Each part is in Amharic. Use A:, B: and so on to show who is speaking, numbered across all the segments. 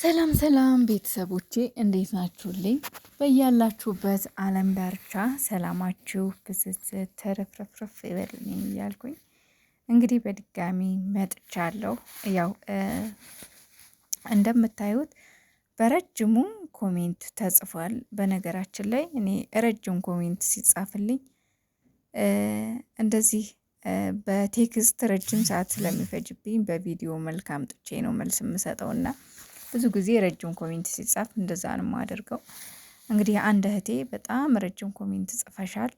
A: ሰላም ሰላም ቤተሰቦቼ እንዴት ናችሁልኝ? በያላችሁበት ዓለም ዳርቻ ሰላማችሁ ብስት ተረፍረፍረፍ ይበልኝ እያልኩኝ እንግዲህ በድጋሚ መጥቻለሁ። ያው እንደምታዩት በረጅሙ ኮሜንት ተጽፏል። በነገራችን ላይ እኔ ረጅም ኮሜንት ሲጻፍልኝ እንደዚህ በቴክስት ረጅም ሰዓት ስለሚፈጅብኝ በቪዲዮ መልክ አምጥቼ ነው መልስ የምሰጠውና ብዙ ጊዜ ረጅም ኮሜንት ሲጻፍ እንደዛ ነው የማደርገው። እንግዲህ አንድ እህቴ በጣም ረጅም ኮሜንት ጽፈሻል፣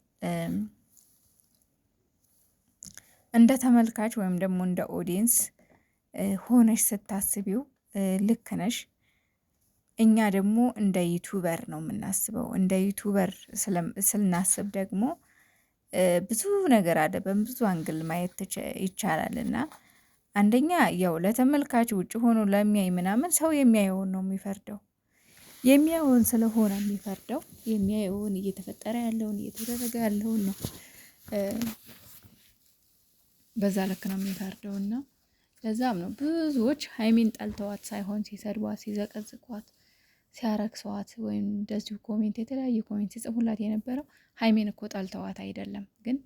A: እንደ ተመልካች ወይም ደግሞ እንደ ኦዲየንስ ሆነሽ ስታስቢው ልክ ነሽ። እኛ ደግሞ እንደ ዩቱበር ነው የምናስበው። እንደ ዩቱበር ስናስብ ደግሞ ብዙ ነገር አለ፣ በብዙ አንግል ማየት ይቻላል እና አንደኛ ያው ለተመልካች ውጭ ሆኖ ለሚያይ ምናምን ሰው የሚያየውን ነው የሚፈርደው። የሚያየውን ስለሆነ የሚፈርደው የሚያየውን እየተፈጠረ ያለውን እየተደረገ ያለውን ነው። በዛ ልክ ነው የሚፈርደው እና ለዛም ነው ብዙዎች ሀይሚን ጠልተዋት ሳይሆን ሲሰድቧት፣ ሲዘቀዝቋት፣ ሲያረክሰዋት ወይም እንደዚሁ ኮሜንት የተለያዩ ኮሜንት ሲጽፉላት የነበረው ሀይሜን እኮ ጠልተዋት አይደለም ግን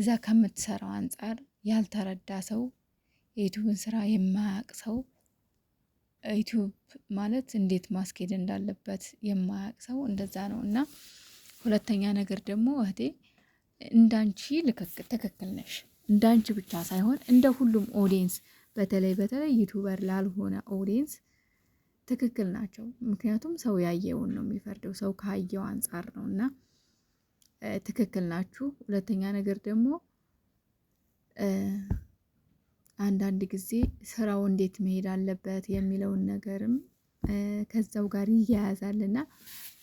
A: እዛ ከምትሰራው አንጻር ያልተረዳ ሰው የዩቲዩብን ስራ የማያውቅ ሰው ዩቱብ ማለት እንዴት ማስኬድ እንዳለበት የማያቅ ሰው እንደዛ ነው። እና ሁለተኛ ነገር ደግሞ እህቴ እንዳንቺ ትክክል ነሽ። እንዳንቺ ብቻ ሳይሆን እንደ ሁሉም ኦዲየንስ፣ በተለይ በተለይ ዩቱበር ላልሆነ ኦዲየንስ ትክክል ናቸው። ምክንያቱም ሰው ያየውን ነው የሚፈርደው፣ ሰው ካየው አንጻር ነው እና ትክክል ናችሁ። ሁለተኛ ነገር ደግሞ አንዳንድ ጊዜ ስራው እንዴት መሄድ አለበት የሚለውን ነገርም ከዛው ጋር ይያያዛልና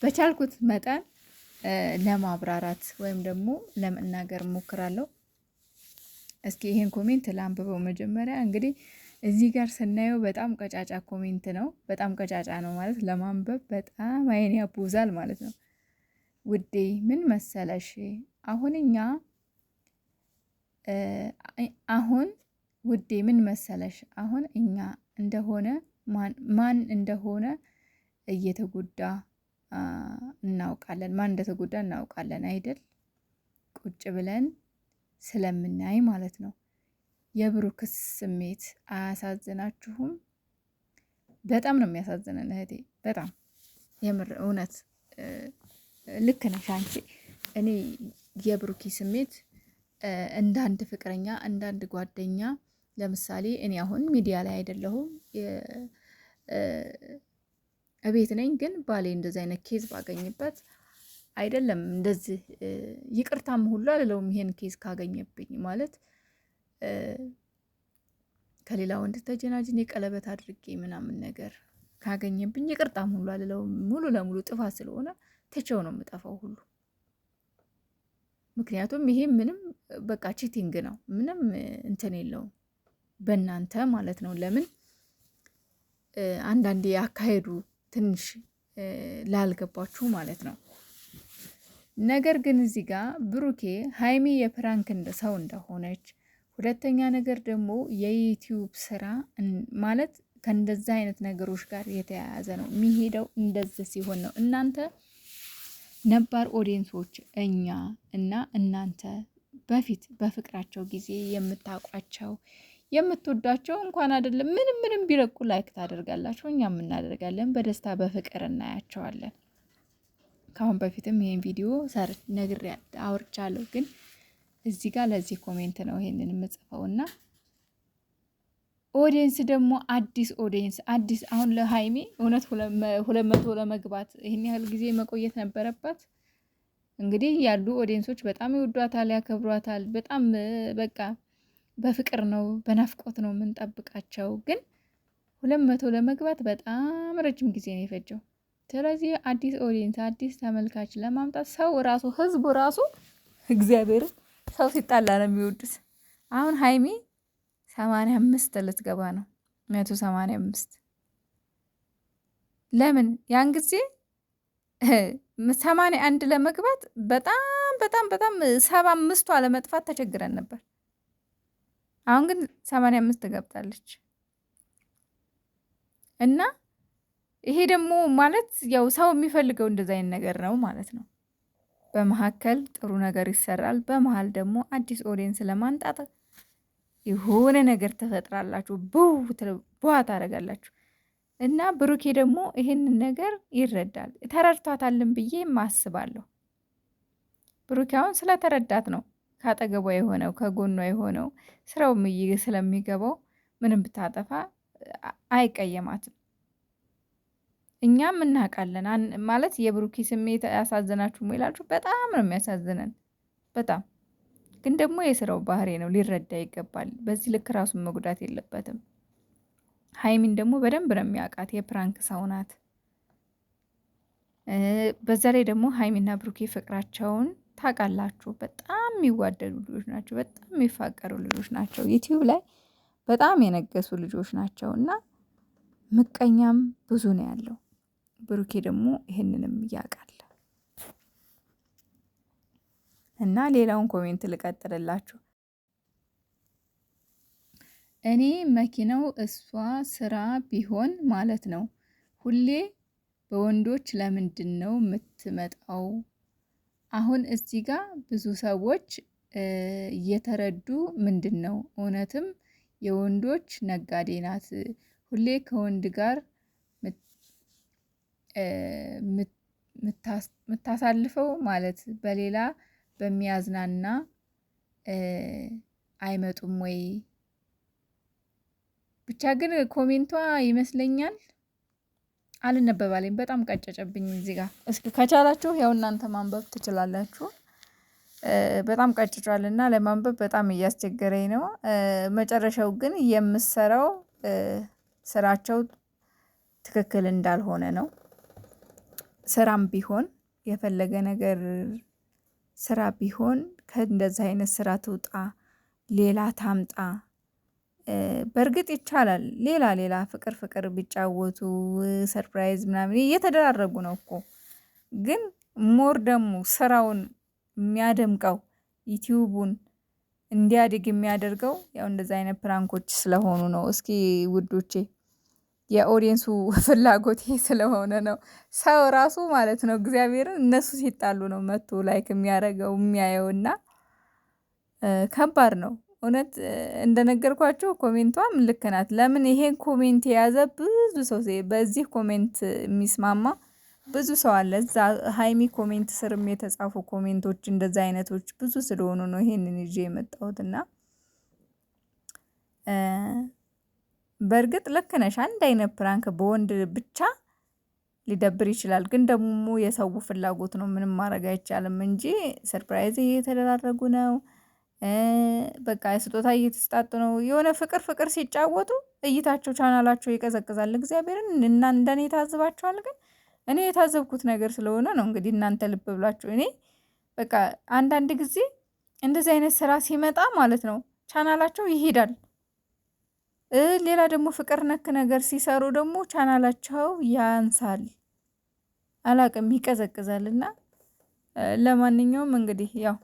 A: በቻልኩት መጠን ለማብራራት ወይም ደግሞ ለመናገር ሞክራለሁ። እስኪ ይሄን ኮሜንት ላንብበው መጀመሪያ እንግዲህ እዚህ ጋር ስናየው በጣም ቀጫጫ ኮሜንት ነው። በጣም ቀጫጫ ነው ማለት ለማንበብ በጣም አይን ያቦዛል ማለት ነው። ውዴ ምን መሰለሽ አሁን እኛ አሁን ውዴ ምን መሰለሽ፣ አሁን እኛ እንደሆነ ማን እንደሆነ እየተጎዳ እናውቃለን፣ ማን እንደተጎዳ እናውቃለን አይደል? ቁጭ ብለን ስለምናይ ማለት ነው። የብሩክስ ስሜት አያሳዝናችሁም? በጣም ነው የሚያሳዝነን እህቴ፣ በጣም የምር እውነት ልክ ነሽ አንቺ። እኔ የብሩኪ ስሜት እንዳንድ ፍቅረኛ እንዳንድ ጓደኛ ለምሳሌ እኔ አሁን ሚዲያ ላይ አይደለሁም እቤት ነኝ። ግን ባሌ እንደዚህ አይነት ኬዝ ባገኝበት አይደለም እንደዚህ ይቅርታም ሁሉ አልለውም። ይሄን ኬዝ ካገኘብኝ ማለት ከሌላ ወንድ ተጀናጅን የቀለበት አድርጌ ምናምን ነገር ካገኘብኝ ይቅርታም ሁሉ አልለውም። ሙሉ ለሙሉ ጥፋት ስለሆነ ትቼው ነው የምጠፋው ሁሉ ምክንያቱም ይሄ ምንም በቃ ቺቲንግ ነው፣ ምንም እንትን የለውም። በእናንተ ማለት ነው። ለምን አንዳንዴ ያካሄዱ ትንሽ ላልገባችሁ ማለት ነው። ነገር ግን እዚህ ጋር ብሩኬ ሀይሚ የፕራንክ ሰው እንደሆነች፣ ሁለተኛ ነገር ደግሞ የዩቲዩብ ስራ ማለት ከእንደዚህ አይነት ነገሮች ጋር የተያያዘ ነው የሚሄደው። እንደዚህ ሲሆን ነው እናንተ ነባር ኦዲየንሶች እኛ እና እናንተ በፊት በፍቅራቸው ጊዜ የምታውቋቸው የምትወዳቸው እንኳን አይደለም ምንም ምንም ቢለቁ ላይክ ታደርጋላችሁ፣ እኛም እናደርጋለን። በደስታ በፍቅር እናያቸዋለን። ከአሁን በፊትም ይሄን ቪዲዮ ሰር ነግር አውርቻለሁ፣ ግን እዚህ ጋር ለዚህ ኮሜንት ነው ይሄንን እና ኦዲየንስ ደግሞ አዲስ ኦዲየንስ አዲስ አሁን ለሀይሜ እውነት ሁለት መቶ ለመግባት ይህን ያህል ጊዜ መቆየት ነበረባት። እንግዲህ ያሉ ኦዲየንሶች በጣም ይወዷታል፣ ያከብሯታል። በጣም በቃ በፍቅር ነው በናፍቆት ነው የምንጠብቃቸው። ግን ሁለት መቶ ለመግባት በጣም ረጅም ጊዜ ነው የፈጀው። ስለዚህ አዲስ ኦዲየንስ አዲስ ተመልካች ለማምጣት ሰው ራሱ ህዝቡ ራሱ እግዚአብሔር ሰው ሲጣላ ነው የሚወዱት። አሁን ሀይሚ ሰማንያ አምስት ልትገባ ነው መቶ ሰማንያ አምስት ለምን ያን ጊዜ ሰማንያ አንድ ለመግባት በጣም በጣም በጣም ሰባ አምስቷ ለመጥፋት ተቸግረን ነበር። አሁን ግን ሰማንያ አምስት ገብታለች እና ይሄ ደግሞ ማለት ያው ሰው የሚፈልገው እንደዚ አይነት ነገር ነው ማለት ነው። በመካከል ጥሩ ነገር ይሰራል፣ በመሀል ደግሞ አዲስ ኦዲየንስ ለማንጣት የሆነ ነገር ትፈጥራላችሁ፣ ቡዋ ታደርጋላችሁ እና ብሩኬ ደግሞ ይህንን ነገር ይረዳል። ተረድቷታልን ብዬ ማስባለሁ። ብሩኬ አሁን ስለተረዳት ነው ከአጠገቧ የሆነው ከጎኗ የሆነው ስራውም ስለሚገባው ምንም ብታጠፋ አይቀየማትም። እኛም እናውቃለን ማለት የብሩኪ ስሜት ያሳዝናችሁ ሜላችሁ በጣም ነው የሚያሳዝነን። በጣም ግን ደግሞ የስራው ባህሪ ነው፣ ሊረዳ ይገባል። በዚህ ልክ ራሱን መጉዳት የለበትም። ሀይሚን ደግሞ በደንብ ነው የሚያውቃት፣ የፕራንክ ሰው ናት። በዛ ላይ ደግሞ ሀይሚና ብሩኪ ፍቅራቸውን ታውቃላችሁ፣ በጣም የሚዋደዱ ልጆች ናቸው። በጣም የሚፋቀሩ ልጆች ናቸው። ዩቲዩብ ላይ በጣም የነገሱ ልጆች ናቸው እና ምቀኛም ብዙ ነው ያለው። ብሩኬ ደግሞ ይህንንም ያውቃል እና ሌላውን ኮሜንት ልቀጥልላችሁ። እኔ መኪናው እሷ ስራ ቢሆን ማለት ነው። ሁሌ በወንዶች ለምንድን ነው የምትመጣው? አሁን እዚህ ጋር ብዙ ሰዎች እየተረዱ ምንድን ነው እውነትም የወንዶች ነጋዴ ናት፣ ሁሌ ከወንድ ጋር ምታሳልፈው ማለት በሌላ በሚያዝናና አይመጡም ወይ? ብቻ ግን ኮሜንቷ ይመስለኛል አልነበባለኝ። በጣም ቀጨጨብኝ እዚህ ጋር። እስኪ ከቻላችሁ ያው እናንተ ማንበብ ትችላላችሁ። በጣም ቀጭጫል እና ለማንበብ በጣም እያስቸገረኝ ነው። መጨረሻው ግን የምሰራው ስራቸው ትክክል እንዳልሆነ ነው። ስራም ቢሆን የፈለገ ነገር ስራ ቢሆን ከእንደዚህ አይነት ስራ ትውጣ፣ ሌላ ታምጣ በእርግጥ ይቻላል። ሌላ ሌላ ፍቅር ፍቅር ቢጫወቱ ሰርፕራይዝ ምናምን እየተደራረጉ ነው እኮ ግን ሞር ደግሞ ስራውን የሚያደምቀው ዩቲዩቡን እንዲያድግ የሚያደርገው ያው እንደዚ አይነት ፕራንኮች ስለሆኑ ነው። እስኪ ውዶቼ የኦዲየንሱ ፍላጎት ይሄ ስለሆነ ነው። ሰው ራሱ ማለት ነው እግዚአብሔርን እነሱ ሲጣሉ ነው መቶ ላይክ የሚያደርገው የሚያየውና ከባድ ነው። እውነት እንደነገርኳቸው ኮሜንቷም ልክ ናት። ለምን ይሄን ኮሜንት የያዘ ብዙ ሰው በዚህ ኮሜንት የሚስማማ ብዙ ሰው አለ። እዛ ሀይሚ ኮሜንት ስርም የተጻፉ ኮሜንቶች እንደዛ አይነቶች ብዙ ስለሆኑ ነው ይሄንን ይዤ የመጣሁት እና በእርግጥ ልክ ነሽ። አንድ አይነት ፕራንክ በወንድ ብቻ ሊደብር ይችላል። ግን ደግሞ የሰው ፍላጎት ነው፣ ምንም ማድረግ አይቻልም እንጂ ሰርፕራይዝ እየተደራረጉ ነው በቃ ስጦታ እየተስጣጡ ነው። የሆነ ፍቅር ፍቅር ሲጫወቱ እይታቸው ቻናላቸው ይቀዘቅዛል። እግዚአብሔርን እና እንደኔ ታዝባችኋል። ግን እኔ የታዘብኩት ነገር ስለሆነ ነው። እንግዲህ እናንተ ልብ ብላችሁ እኔ በቃ አንዳንድ ጊዜ እንደዚህ አይነት ስራ ሲመጣ ማለት ነው ቻናላቸው ይሄዳል። ሌላ ደግሞ ፍቅር ነክ ነገር ሲሰሩ ደግሞ ቻናላቸው ያንሳል። አላቅም ይቀዘቅዛል። እና ለማንኛውም እንግዲህ ያው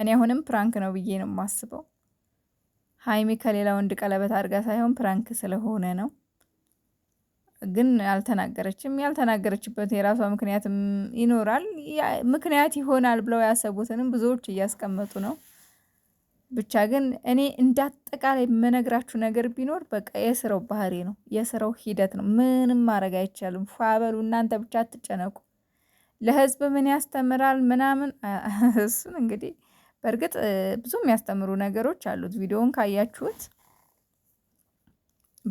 A: እኔ አሁንም ፕራንክ ነው ብዬ ነው የማስበው። ሀይሚ ከሌላ ወንድ ቀለበት አድርጋ ሳይሆን ፕራንክ ስለሆነ ነው። ግን አልተናገረችም። ያልተናገረችበት የራሷ ምክንያትም ይኖራል። ምክንያት ይሆናል ብለው ያሰቡትንም ብዙዎች እያስቀመጡ ነው። ብቻ ግን እኔ እንዳጠቃላይ የምነግራችሁ ነገር ቢኖር በቃ የስራው ባህሪ ነው፣ የስራው ሂደት ነው። ምንም ማድረግ አይቻልም። ፋበሉ እናንተ ብቻ አትጨነቁ። ለህዝብ ምን ያስተምራል ምናምን እሱን እንግዲህ በእርግጥ ብዙ የሚያስተምሩ ነገሮች አሉት ቪዲዮውን ካያችሁት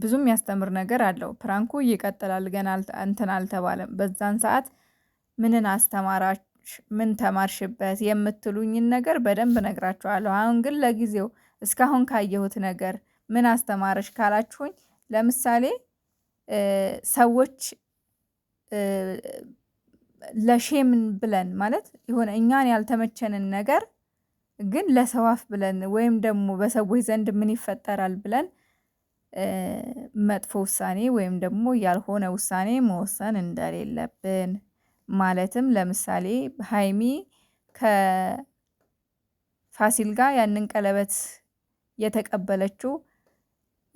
A: ብዙ የሚያስተምር ነገር አለው። ፕራንኩ ይቀጥላል ገና እንትን አልተባለም። በዛን ሰዓት ምንን አስተማራች፣ ምን ተማርሽበት የምትሉኝን ነገር በደንብ ነግራችኋለሁ። አሁን ግን ለጊዜው እስካሁን ካየሁት ነገር ምን አስተማረች ካላችሁኝ፣ ለምሳሌ ሰዎች ለሼምን ብለን ማለት የሆነ እኛን ያልተመቸንን ነገር ግን ለሰው አፍ ብለን ወይም ደግሞ በሰዎች ዘንድ ምን ይፈጠራል ብለን መጥፎ ውሳኔ ወይም ደግሞ ያልሆነ ውሳኔ መወሰን እንደሌለብን ማለትም ለምሳሌ ሀይሚ ከፋሲል ጋር ያንን ቀለበት የተቀበለችው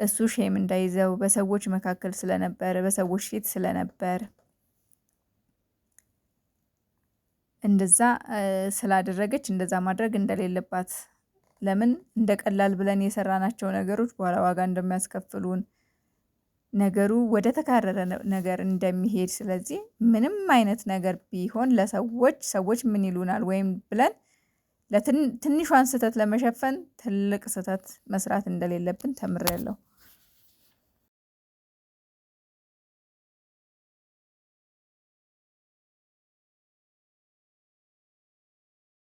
A: እሱ ሼም እንዳይዘው በሰዎች መካከል ስለነበር፣ በሰዎች ፊት ስለነበር እንደዛ ስላደረገች እንደዛ ማድረግ እንደሌለባት ለምን እንደ ቀላል ብለን የሰራናቸው ነገሮች በኋላ ዋጋ እንደሚያስከፍሉን ነገሩ ወደ ተካረረ ነገር እንደሚሄድ ስለዚህ ምንም አይነት ነገር ቢሆን ለሰዎች ሰዎች ምን ይሉናል ወይም ብለን ትንሿን ስህተት ለመሸፈን ትልቅ ስህተት መስራት እንደሌለብን ተምሬያለሁ።